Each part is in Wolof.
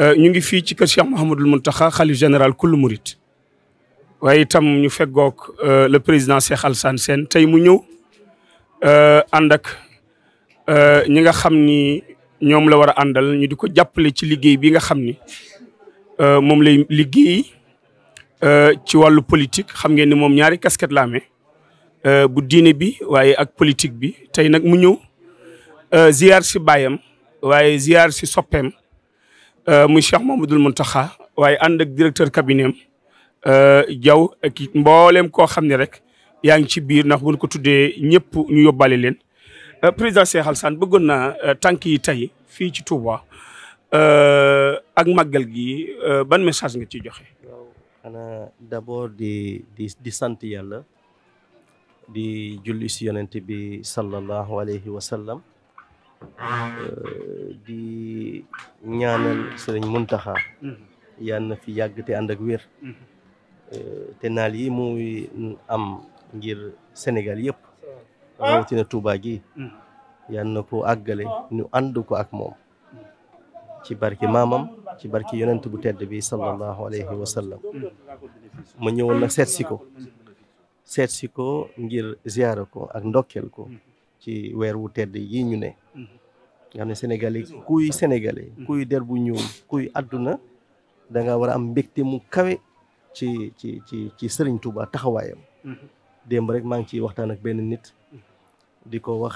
Euh, ñu ngi fii ci kër Cheikh mun Mountakha xalif général kullu murit waaye itam ñu feggoog euh, le président Cheikh Alassane Sène tey mu ñëw euh, ànd ak ñi nga xam ni ñoom la war a àndal ñu di ko jàppale ci liggéey bi nga xam ni moom lay liggéey ci wàllu politique xam ngeen ni moom ñaari kasket la amee bu diine bi waaye ak politique bi tey nag mu ñëw ziar si baayam waaye ziar si soppeem Euh, muy Cheikh Mamadou Mountakha waaye ànd ak directeur cabinet am euh, Diaw ak mbooleem koo xam ne rek yaa ngi ci biir ndax buñ ko tuddee ñëpp ñu yóbbaale leen. Euh, président Cheikh Alassane bëggoon naa tànk yi tey fii ci tuuba ak màggal gi ban message nga ci joxe. d'abord di di di sant yàlla di julli si yonent bi sallallahu alayhi wa sallam Euh, di ñaanal sëriñ Muntaxa mm-hmm. yal na fi yàgg te ànd ak wér mm-hmm. euh, te naal yi muy am ngir Sénégal yëpp ah. rawatina Touba gi mm-hmm. yal na ko àggale oh. ñu ànd ko ak moom ci barke maamam ci barke yonent bu tedd bi sallallahu alayhi wa sallam ma ñëwoon nag ko seet si ko ngir ziyaara ko ak ndokkeel ko ci weer wu tedd yi ñu ne nga xam ne sénégalais kuy sénégalais kuy der bu ñuul kuy àdduna da nga war a am mbégte mu kawe ci ci ci ci Sëriñ Tuuba taxawaayam mhm. démb rek maa ngi ciy waxtaan ak benn nit di ko wax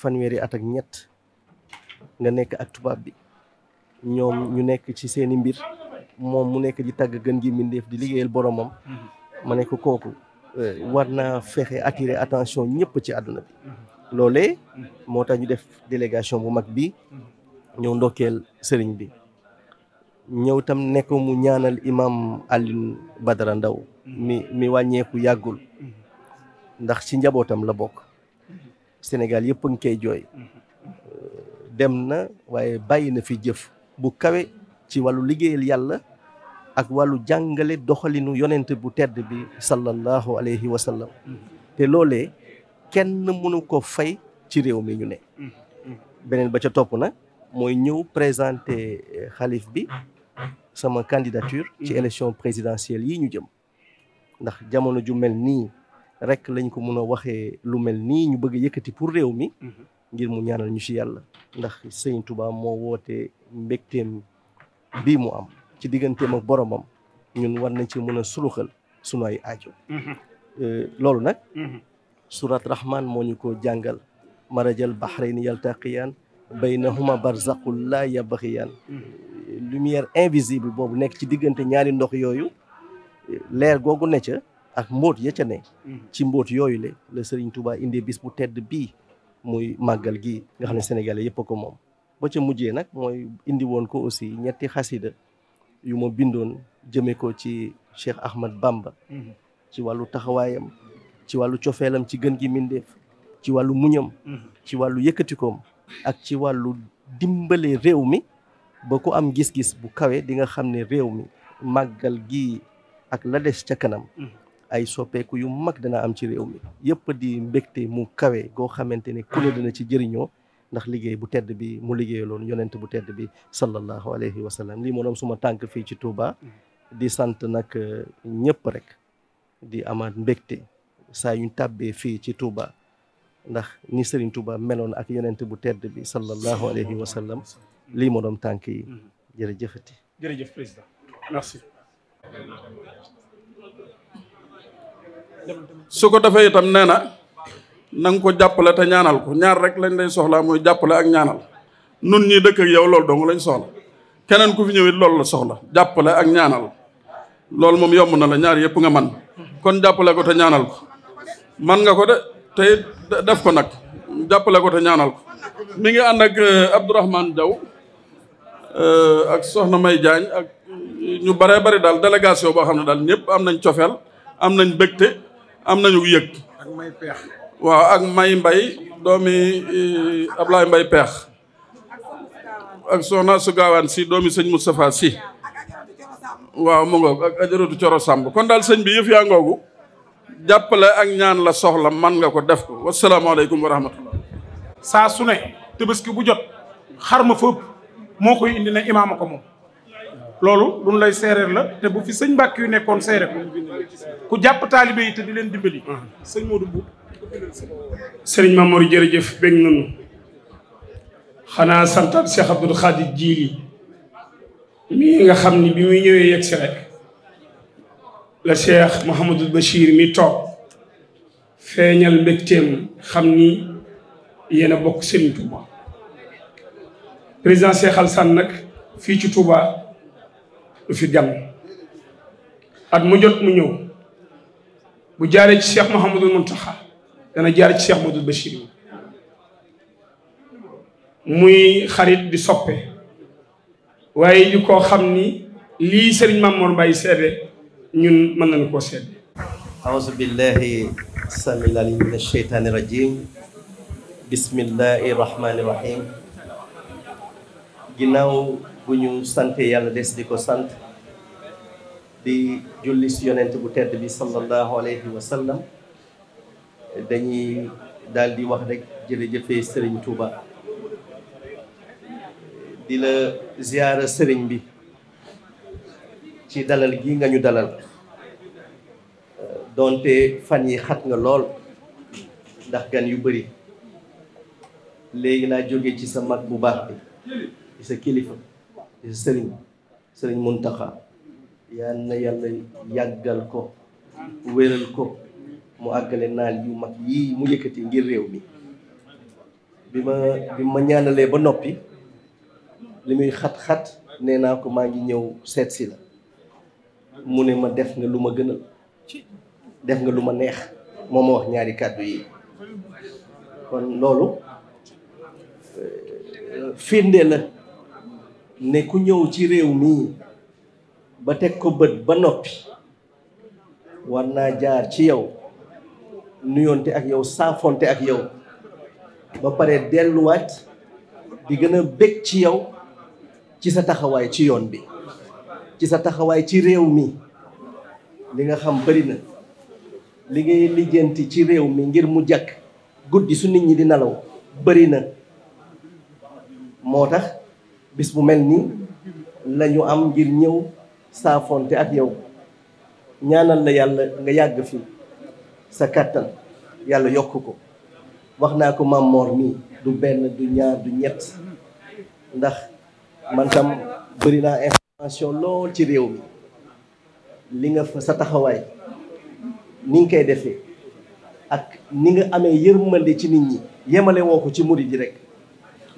fanweeri at ak ñett nga nekk ak tubaab bi ñoom ñu nekk ci seeni mbir moom mu nekk di tàgg gën gi mbindeef di liggéeyal boromam mhm. ma nekk kooku eh, war naa fexe attirer attention ñëpp ci àdduna bi mhm. loolee moo tax ñu def délégation bu mag bi ñëw ndokkeel sëriñ bi ñëw tam ko mu ñaanal imam Alioune Badara Ndaw mi mi wàññeeku yàggul ndax ci njabootam la bokk Sénégal yëpp a ngi koy jooy dem na waaye bàyyi na fi jëf bu kawe ci wàllu liggéeyal yàlla ak wàllu jàngale doxalinu yonent bu tedd bi sallallahu alayhi wa te loolee kenn mënu ko fay ci réew mi ñu ne beneen ba ca topp nag mooy ñëw présenter xalif euh, bi sama candidature ci mhm. élection présidentielle yi ñu jëm ndax jamono ju mel nii rek lañ ko mën a waxee lu mel nii ñu bëgg yëkkati pour réew mi mhm. ngir mu ñaanal ñu ci yàlla ndax sëñ Touba moo woote mbégteem bii mu am ci digganteem ak boromam ñun war nañ ci mën a suluxal sunu ay aajo mhm. euh, loolu nag surat rahman moo ñu koo jàngal marajal bahrayni yaltaqiyaan baynahuma barzaqul laa yabxiyaan lumière invisible boobu nekk ci diggante ñaari ndox yooyu leer googu ne ca ak mbóot ye ca ne ci mbóot yooyu le la sëriñ Touba indee bis bu tedd bii muy màggal gi nga xam ne sénégalais yëpp ko moom boo ca mujjee nag mooy indi woon ko aussi ñetti xasida yu ma bindoon jëme ko ci Cheikh Ahmad Bamba mm-hmm. ci wàllu taxawaayam ci wàllu cofeelam ci gën gi mindeef ci wàllu muñam mm-hmm. ci wàllu yëkkatikoom ak ci wàllu dimbale réew mi ba ku am gis-gis bu kawee dinga xam ne réew mi màggal gi ak la des ca kanam mm-hmm. ay soppeeku yu mag dana am ci réew mi yëpp di mbégte mu kawee goo xamante ni ku ne dana ci jëriñoo ndax liggéey bu tedd bi mu loolu yonent bu tedd bi sallallahu alayhi wa sallam lii moo doon suma tànk fii ci Touba mm-hmm. di sant nag eh, ñépp rek di amaat mbégte saa yuñ tàbbee fii ci Touba ndax ni Serigne Touba meloon ak yonent bu tedd bi sallallahu alayhi wa sallam lii moo doon tànk yi jërëjëfati jërëjëf président merci. su ko defee itam nee na na ko jàppale te ñaanal ko ñaar rek lañ lay soxlaa mooy jàppale ak ñaanal nun ñii dëkk ak yow loolu dong lañ soxla keneen ku fi ñëw it loolu la soxla jàppale ak ñaanal loolu moom yomb na la ñaar yëpp nga man kon jàppale ko te ñaanal ko man nga ko de te def ko nag jàppale ko te ñaanal ko mi ngi ànd ak euh, Abdourahmane jaw euh, ak Soxna May Diagne ak ñu bare bari daal délégation boo xam ne daal ñëpp am nañ cofeel am nañ bégte am nañu yëg ak may peex waaw ak may mbay doomi euh, Ablaye Mbay peex ak Soxna Sugaawaan si doomi sëñ Moustapha si waaw mu ngoog ak ajaratu Coro Samb kon daal sëñ bi yëf yaa ngoogu jàppale ak ñaan la soxla man nga ko def ko wasalaamaaleykum wa rahmatullah saa su ne tabaski bu jot xar ma fëpp moo koy indi ne imaama ko moom loolu luñ lay séeréer la te bu fi sëñ mbakk yu nekkoon séeréer ko ku jàpp taalibe yi te di leen dimbali sëñ Modou Mbour sëriñ Mamour jërëjëf bég nañu xanaa santaat Cheikh Abdoul Khadir Jili mii nga xam ni bi muy ñëwee yegg si rek la cheikh Mouhamadul Bachir mi toog feeñal mbégteem xam ni yéen a bokk Serigne Touba président Cheikh Alassane nag fii ci Touba lu fi gan at mu jot mu ñëw bu jaaree ci cheikh Mouhamadul Mountakha dana jaare ci cheikh Mouhamadul Bachir muy xarit di soppe waaye yu koo xam ni lii Serigne Mamour Mbaye seede ñun mën na koo seede aouzu billahi samil alim min asheytaani bismillahi rahmaani rahim ginnaaw bu ñu sante yàlla des di ko sant di julli si bu tedd bi sallallahu alayhi wa sallam dañuy daal di wax rek jërëjëfee sëriñ Touba di la ziyaara sëriñ bi ci dalal gi nga ñu dalal doonte fan yi xat nga lool ndax gan yu bari léegi naa jóge ci sa mag bu baax ci sa kilifa ci sa sëriñ sëriñ Muntaxa yal na yàlla yàggal ko wéral ko mu àggale naal yu mag yii mu yëkkati ngir réew mi bi ma bi ma ñaanalee ba noppi li muy xat-xat nee naa ko maa ngi ñëw seet si la mu ne ma def nga lu ma gënal def nga lu ma neex moo ma wax ñaari kàddu yi kon loolu euh, firnde la ne ku ñëw ci réew mii ba teg ko bët ba noppi war naa jaar ci yow nuyoonte ak yow saafonte ak yow ba pare delluwaat di gën a bég ci yow ci sa taxawaay ci yoon bi ci sa taxawaay ci réew mi li nga xam bëri na li ngay lijjanti ci réew mi ngir mu jàkk guddi su nit ñi di nelaw bëri na moo tax bis bu mel nii lañu am ngir ñëw saafonte ak yow ñaanal la yàlla nga yàgg fi sa kàttan yàlla yokk ko wax naa ko Mame Mor mii du benn du ñaar du ñett ndax man tam bëri naa attention lool ci réew mi li nga fa sa taxawaay ni nga koy defee ak ni nga amee yërmande ci nit ñi yemalewoo ko ci murid yi rek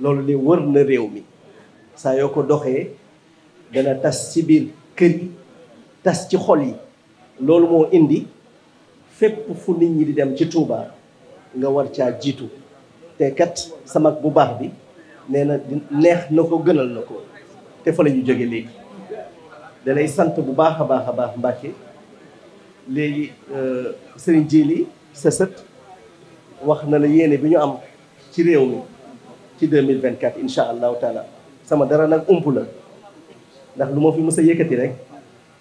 loolu li wër na réew mi saa yoo ko doxee dana tas ci biir kër yi tas ci xol yi loolu moo indi fépp fu nit ñi di dem ci Touba nga war caa jiitu te kat sa mag bu baax bi nee na neex na ko gënal na ko te fa la ñu jóge léegi da sant bu baax a baax a baax Mbacke léegi euh, sëriñ Jili sa sët wax na la yéene bi ñu am ci réew mi ci mille 2024 incha allahu taala sama dara nag ump la ndax lu ma fi mës a yëkkati rek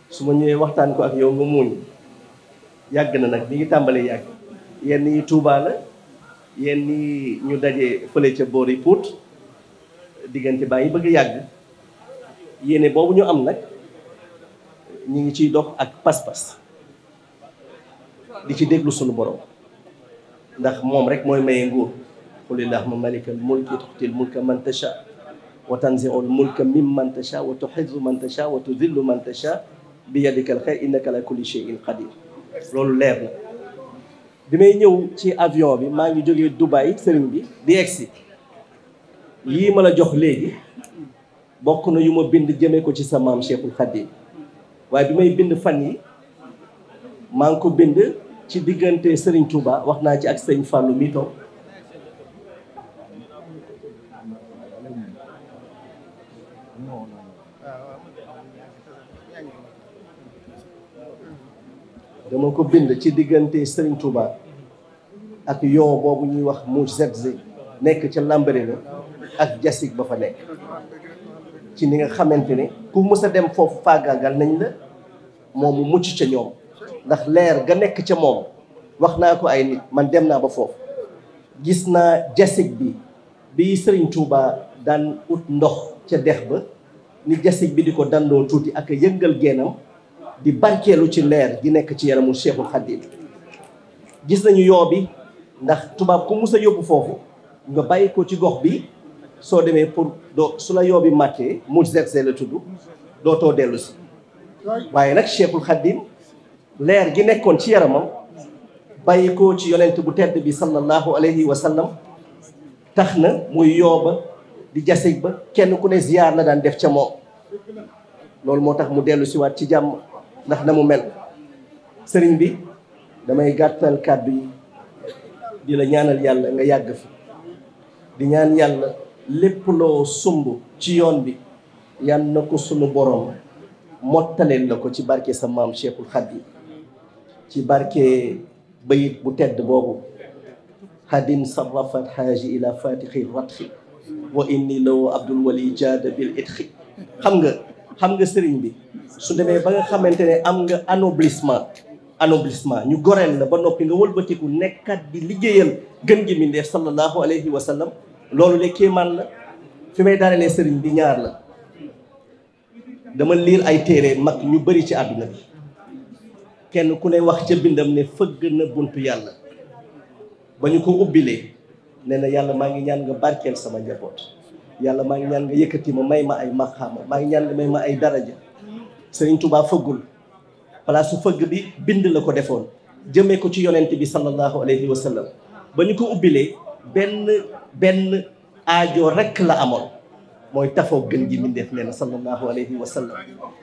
su ma ñëwee waxtaan ko ak yow nga muuñ yàgg na nag mi ngi tàmbalee yàgg yenn yi Touba la yenn yi ñu daje fële ca boori Pout diggante baa ngi bëgg yàgg yéene boobu ñu am nag ñu ngi ciy dox ak pas-pas di ci déglu sunu borom ndax moom rek mooy maye nguur qul illahumma malikal mulki tuxtil mulka man tasha wa tanziul mulka mimman tasha wa tuxizzu man tasha wa tudillu man tasha bi yadika al xayr innaka ala kulli shay'in loolu leer na bi may ñëw ci avion bi maa ngi jógee Dubaï sëriñ bi di egsi yii ma la jox léegi bokk na yu ma bind jëmee ko ci samaam maam Cheikhul Khadim waaye bi may bind fan yi maa ngi ko bind ci diggante Serigne Touba wax naa ci ak Serigne Fallou mi dama ko bind ci diggante Serigne Touba ak yoo boobu ñuy wax mu ZZ nekk ca Lambaréné ak jasig ba fa nekk ci ni nga xamante ne ku mës a dem foofu faagaagal nañ la moom mu mucc ca ñoom ndax leer ga nekk ca moom wax naa ko ay nit man dem naa ba foofu gis naa jasig bi bi sëriñ tuubaa daan ut ndox ca dex ba ni jasig bi di ko dandoo tuuti ak yëngal génnam di barkeelu ci leer gi nekk ci yaramu Cheikhul Khadim gis nañu yoo bi ndax tubaab ku mus a yóbbu foofu nga bàyyi ko ci gox bi soo demee pour doo su la yoobi màttee mu zerse la tudd dootoo dellu si waaye nag Cheikhul Khadim leer gi nekkoon ci yaramam bàyyi ko ci yonent bu tedd bi sallallahu alayhi wa sallam tax na muy yooba di jasig ba kenn ku ne ziyaar na daan def ca moom loolu moo tax mu dellu siwaat ci jàmm ndax na mu mel sëriñ bi damay gàttal kàddu yi di la ñaanal yàlla nga yàgg fi di ñaan yàlla lépp loo sumb ci yoon bi yal na ko sunu boroom mottaleel la ko ci barke sa maam Cheikhul Khadim ci barke bayit bu tedd boobu hadim sarrafat haaji ila fatixi ratxi wa inni law abdul wali jaada bil itxi xam nga xam nga sëriñ bi su demee ba nga xamante ne am nga anoblissement anoblissement ñu goreel la ba noppi nga wëlbatiku nekkat bi liggéeyal gën gi mi ndeef sallallahu alayhi wa sallam loolu de man la fi may daanalee sëriñ bi ñaar la dama liir ay téere mag ñu bari ci àdduna bi kenn ku ne wax ca bindam ne fëgg na buntu yàlla ba ñu ko ubbilee ne na yàlla maa ngi ñaan nga barkeel sama njaboot yàlla maa ngi ñaan nga yëkkati ma may ma ay maqaama maa ngi ñaan may ma ay daraja sëriñ Tuubaa fëggul place su fëgg bi bind la ko defoon jëmee ko ci yonent bi sallallahu alayhi wa sallam ba ñu ko ubbilee benn benn aajo rek la amoon mooy tafoog gën gi mindeef nee na sallallahu alayhi wa sallam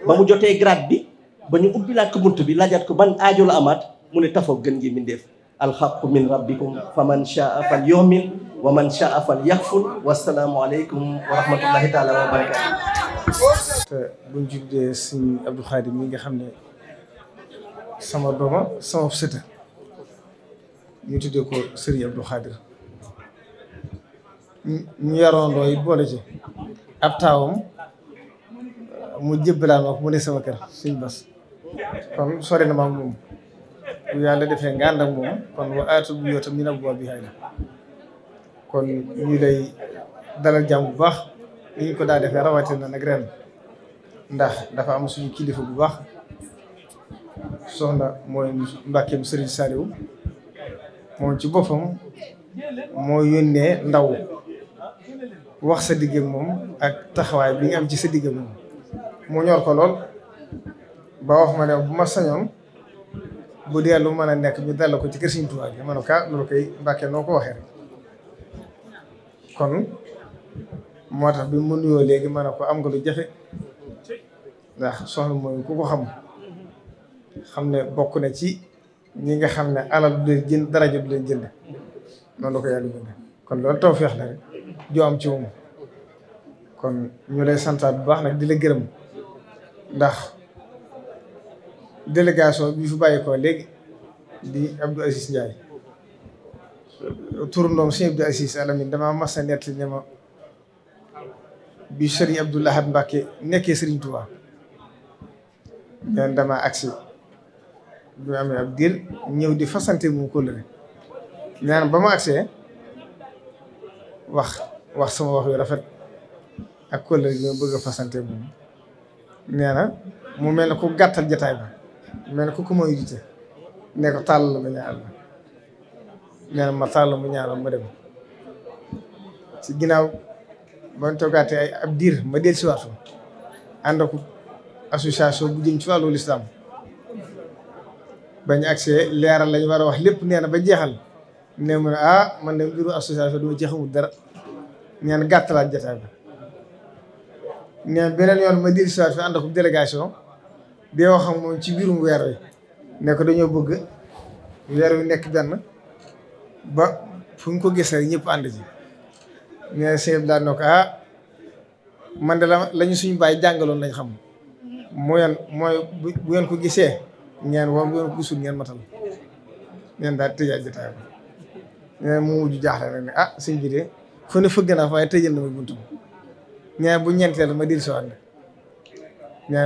ba mu jotee grade bi ba ñu ubbilaat ko bunt bi laajaat ko ban aajo la amaat mu ne tafoo gën gi mindeef alxaqu min rabbikum fa man shaa fal yumin wa man shaa fal yaxfur wasalaamu aleykum wa rahmatullahi taala wa barakatu te buñ juddee suñ Abdou Khadim mi nga xam ne sama dooma sama sëta ñu tuddee ko Serigne Abdou Khadir ñu yarandoo yi boole ci ab taawam mu jébbalaan ma mu ne sama kër suñ bas kon sori na ma ak moom bu yàlla defee nga ànd ak moom kon wa aatu bu yoo tam ñu ne bu bi xay la kon ñu lay dalal jàmm bu baax ni ñu ko daa defee rawatina nag ren ndax dafa am suñu kilifa bu baax soxna mooy mbàkkeem Serigne Saliou moom ci boppam moo yónnee ndaw wax sa digg moom ak taxawaay bi nga am ci sa digg moom mu ñor ko lool ba wax ma ne bu ma sañoon bu dee lu nekk ñu delloo ko ci kër Sëriñ Tuubaa bi ma ne ko ah, loolu koy mbàkkee noo ko waxee kon moo tax bi nuyoo léegi ma ko am nga lu jafe soxna mooy ku xam xam ne bokk na ci ñi nga xam ne alal du leen jënd daraja du jënd noonu la ko yàlla jënd kon loolu tawfeex la rek. ju am ci moom kon ñu lay santaat bu baax nag di la gërëm ndax délégation bi fi bàyyi ko léegi di Abdou Aziz Ndiaye turandoom sëñ Abdou Aziz Alamine dama mas a nett bi sëriñ Abdou Lahad Mbacke nekkee sëriñ Touba neen dama agsi bi amee ab ñëw di fasante mu kóllëre ñaan ba ma agsee wax wax sama wax yu rafet ak kóllëre gi ma bëgg a fasante moom nee na mu mel ne ku gàttal jataay ba mel ne ku ko mooy jiite ne ko tàll mu ñaanal ma nee na ma tàll mu ñaanal ma dem ci ginnaaw ba ñu toogaatee ay ab diir ma del si waatu ànd ak association bu jëm ci wàllu lislaam bañ accès leeral lañu war a wax lépp nee na ba jeexal ne mu ne ah man de mbiru association duma ci dara ñaan gàttalaat jotaay bi ñaan beneen yoon ma dir siwaat délégation di wax ci biirum weer wi ne dañoo bëgg weer wi nekk benn ba fu ñu ko gis rek ñëpp ànd ci ñaan sëñ bi ah man de la lañu suñu baay jàngaloon lañ xam mooy mooy bu ngeen ko gisee ñaan woo bu ngeen ko gisul ngeen matal daa daal tëjaat jotaay bi ñaan mu mujj jaaxle rek ne ah sëñ bi fu ne fëgg naa fa waaye tëjal na ma bu ñeenteel ma dir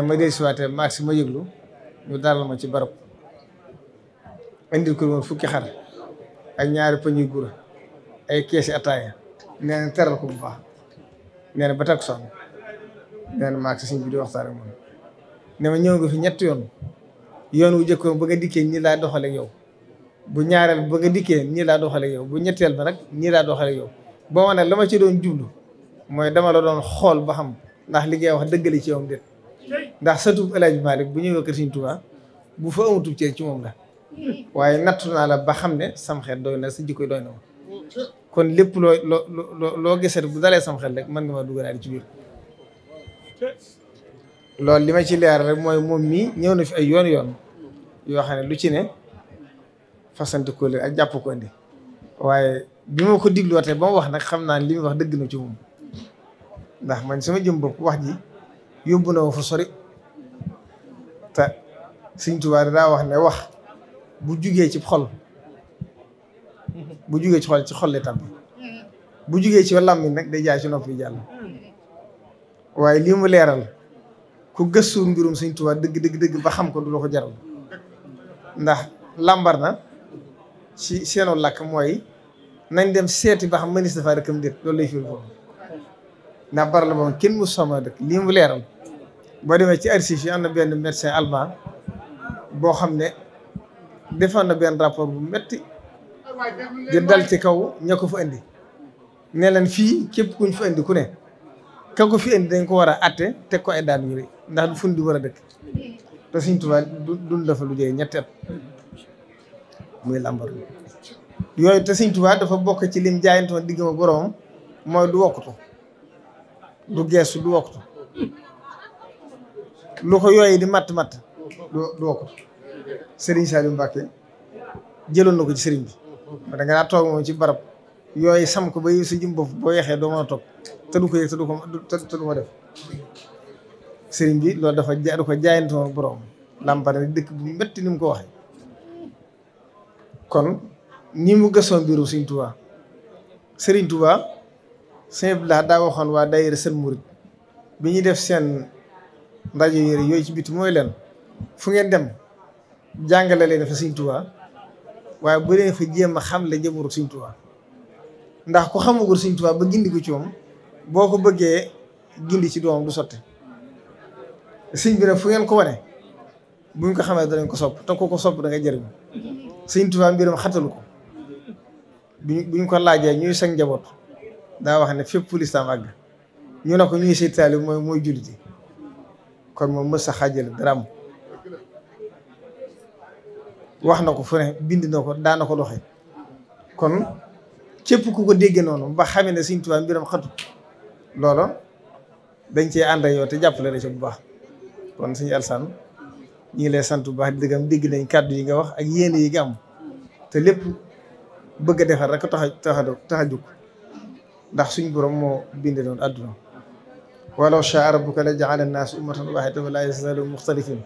ma dir siwaatee maag si ma yëglu ñu dalal ma ci barab indil ko fukki xar ak ñaari pëñuy gura ay keesi ataaya nee na teral ko bu baax nee na ba ma ñëw nga fi ñetti yoon yoon wu jëkkoon ba nga dikkee ñi laa doxale yow bu ñaareel ba nga ñii laa doxale yow bu ñetteel ba nag ñii laa doxale yow boo ma ne la ma ci doon jublu mooy dama la doon xool ba xam ndax li ngay wax dëggale ci yow déet ndax satub El Hadj Malick bu ñëwee kër Sëriñ Tuubaa bu fa amatul ceeb ci moom la waaye nattu naa la ba xam ne sam xel doy na sa jikko doy na ma kon lépp loo loo loo loo gisee bu dalee sam rek mën nga ma dugal ci biir loolu li ma ci leer rek mooy moom mii ñëw na fi ay yoon yoon yoo xam ne lu ci ne fasante ko leen ak jàpp ko indi waaye bi ma ko digluwaatee ba mu wax nag xam naa li mu wax dëgg na ci moom ndax man sama jëm bopp wax ji yóbbu na fa sori te Sëñ Tuubaa daa wax ne wax bu jugee ci xol bu jugee ci xol ci xol la bi bu jugee ci làmmiñ nag day jaay ci noppi jàll waaye lii mu leeral ku gëstu mbirum Sëñ Tuubaa dëgg dëgg dëgg ba xam ko du la ko jaral ndax làmbar na si seenu làkk mooy nañ dem seeti ba xam mënees na faa dëkkam déet loolu lay firi foofu ndax bara la moom kenn mu soma dëkk lii mu leeram boo demee ci archives yi am na benn médecin allemand boo xam ne defoon na benn rapport bu metti di dal ci kaw ña ko fa indi ne leen fii képp kuñ fa indi ku ne ka ko fi indi dañ ko war a atte teg ko ay daan yu ndax du fun di war a dëkk te Sëriñ Tuubaa lu jëy ñetti at muy làmbar yooyu te Sëñ Tuubaa dafa bokk ci lim jaayantoon digg ma boroom mooy du wokkutu du geesu du wokkutu lu ko yooyu di matt matt du du wokkutu Sëriñ Saliou Mbàkke jëloon na ko ci sëriñ bi ci barab yooyu sam ko ba yow sa jëm boo yeexee doo mën a te du ko yëg te du ko te du ko def bi loolu dafa ja ko jaayantoo ak dëkk bu metti ni ko waxee kon ni mu gëstoo mbiru Sëriñ Tuubaa Sëriñ Tuubaa sëñ Abdulaay daa waxoon waa daayira seen murit bi ñuy def seen ndaje yére yooyu ci biti mooy leen fu ngeen dem jàngale leen fa Sëriñ Tuubaa waaye bu leen fa jéem a xam la jëmuru Sëriñ Tuubaa ndax ku xamagul Sëriñ Tuubaa ba gindi ko ci moom boo ko bëggee gindi ci doomam du sotti sëñ bi fu ngeen ko wane buñ ko xamee danañ ko sopp te ko sopp da nga jëriñ Sëriñ Tuubaa mbiram xatalu ko bi bi ñu ko laajee ñuy sag njaboot daa wax ne fépp lislaam àgg ñu ne ko ñuy si taalib mooy mooy julliti kon moom mës a xaajale daraam wax na ko fu ne bind na ko daa na ko doxe kon képp ku ko dégg noonu ba xamee ne Sëñ Tuubaa mbiram xatu loolo dañ cee ànd ak yow te jàppale la ci bu baax kon Sëñ Alsaan ñu ngi lay sant bu baax di dëggam dégg nañ kàddu yi nga wax ak yéene yi nga te lépp bëgg a defar rek tax a tax a tax a ndax suñ borom moo binde doon àdduna walaw shaa rabbuka la jaala naas ummatan waahidatan wa laa yazaalu muxtalifin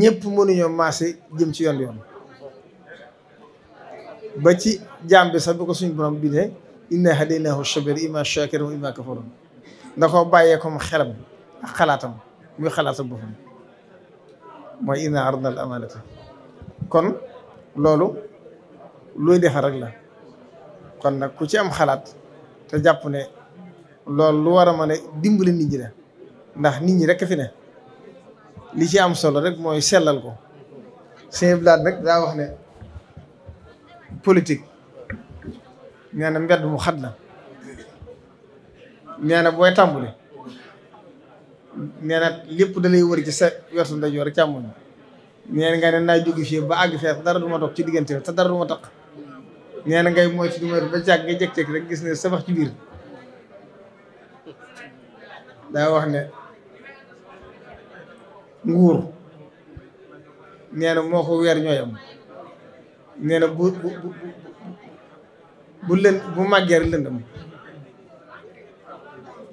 ñëpp mënuñoo maase jëm ci yoon yoon ba ci jaam bi sax bi ko suñ borom bindee inna hadaynaahu sabir imma shaakira wa imma kafur da koo bàyyee xelam xalaatam muy xalaatam boppam mooy inna kon loolu looy defar rek la kon nag ku ci am xalaat te jàpp ne loolu lu war a mën a dimbali nit la ndax nit ñi rek fi ne li ci am solo rek mooy sellal ko sëñ blaat nag daa wax ne politique nee na mbedd mu xat la nee na booy tàmbali nee na lépp da lay war ci sa wetu ndeyjoor càmmoñ nee na nga ne naa jóge fii ba àgg fee dara du ma toog ci diggante te dara du ma taq nee na ngay moytu numéro ba jàgg nga jëkk-jëkk rek gis ne sabax ci biir daa wax ne nguur neena na moo ko weer ñooy am nee bu bu bu bu màggeer lëndam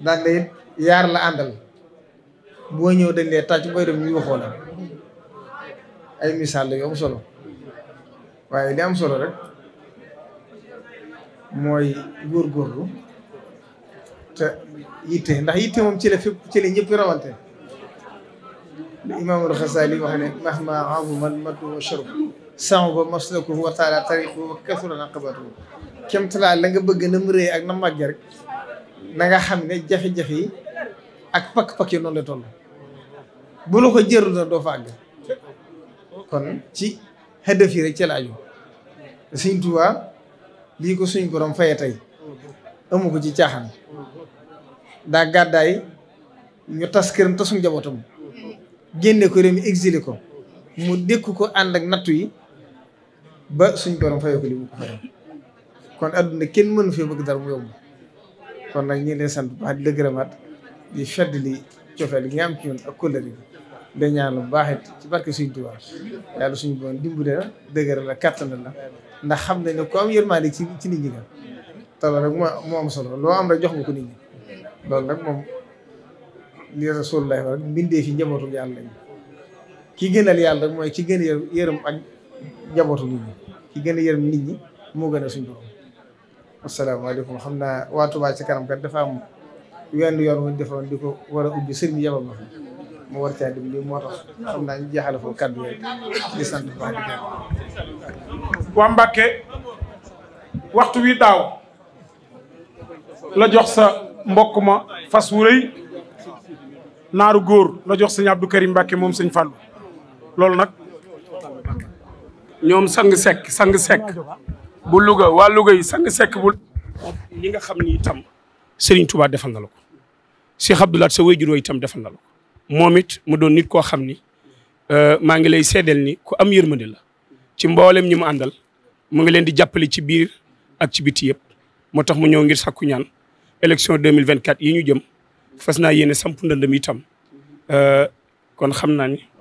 daal de yaar la àndal boo ñëw dañ lee tàcc boy dem ñu waxoo la ay misaal la yu am solo waaye li am solo rek mooy góorgóorlu te yitte ndax yitte moom ci la fépp ci la ñëpp rawante lu imaamul Xasaali wax ne mahma azuma almadu wa sharb sa'uba maslakuhu wa taala tariquhu wa kasura nga bëgg na mu rëy ak na màgg rek na nga xam ne jafe-jafe yi ak pakk-pakk yi noonu la toll bu ko jëru na doo fa àgg kon ci hadaf yi rek ci la aju lii ko suñ borom faye tey amu ko ci caaxaan daa gàddaay ñu tas këram tasum njabootam génne ko réew mi exilé ko mu dékk ko ànd ak nattu yi ba suñ borom faye ko li mu faye kon adduna kenn mënu fee bëgg dara mu yomb kon nag ñu leen sant bu baax di la gërëmaat li cofeel gi nga am ci yoon ak kóllëre gi da ñaan lu baax it ci barke suñ Tuubaa yàlla suñu borom dimbale la dëgëral la kàttan la ndax xam nañ ne ko am yërmande ci ci nit ñi nga tala rek moo am solo loo am rek jox nga ko nit ñi loolu nag moom li rasulullah rek mbindee fi njabootul yàlla lañ ki gënal yàlla rek mooy ki gën a yërëm ak njabootu nit ñi ki gën a yërëm nit ñi moo gën a suñ borom asalaamaaleykum xam naa waa Touba ci kanam kat dafa am wenn yoon wuñ defoon di ko war a ubbi sëriñ yabal ma fa mu war caa moo xam naa ñu jeexale foofu kàddu yi di sant bu waa Mbàkke waxtu wi daaw la jox sa mbokk ma fas wu rëy naaru góor la jox sëñ Abdou Karim Mbàkke moom sëñ Fallou loolu nag ñoom sang sekk sang sekk bu Louga waa Louga yi sang sekk bu li nga xam ni itam Serigne Touba defal na la ko Cheikh Abdoulaye sa wéy juróo itam defal na la moom it mu doon nit koo xam ni euh, maa ngi lay seedeel ni ku am yërmande la ci mboolem ñi mu àndal mu ngi leen di jàppale ci biir ak ci biti yëpp moo tax mu ñëw ngir saku ñaan élection 2024 yi ñu jëm fas naa yéene samp ndëndam itam euh, kon xam naa ni